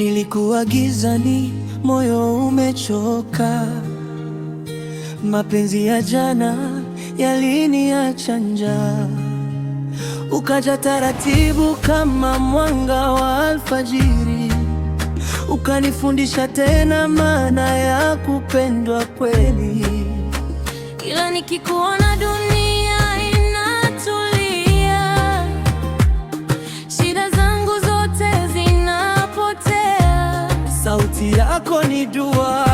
Nilikuwa gizani, moyo umechoka, mapenzi ya jana yaliniacha njaa. Ukaja taratibu kama mwanga wa alfajiri, ukanifundisha tena maana ya kupendwa kweli. Kila nikikuona dunia yako ni dua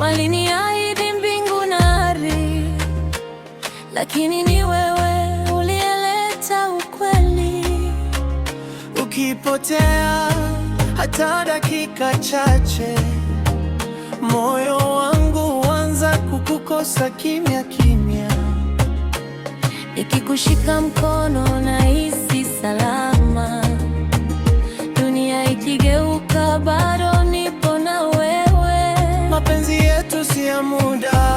waliniahidi mbingu na ardhi, lakini ni wewe uliyeleta ukweli. Ukipotea hata dakika chache, moyo wangu huanza kukukosa kimya kimya. Nikikushika mkono nahisi salama, dunia ikigeuka ya muda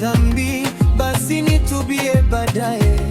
dhambi, basi nitubie baadaye.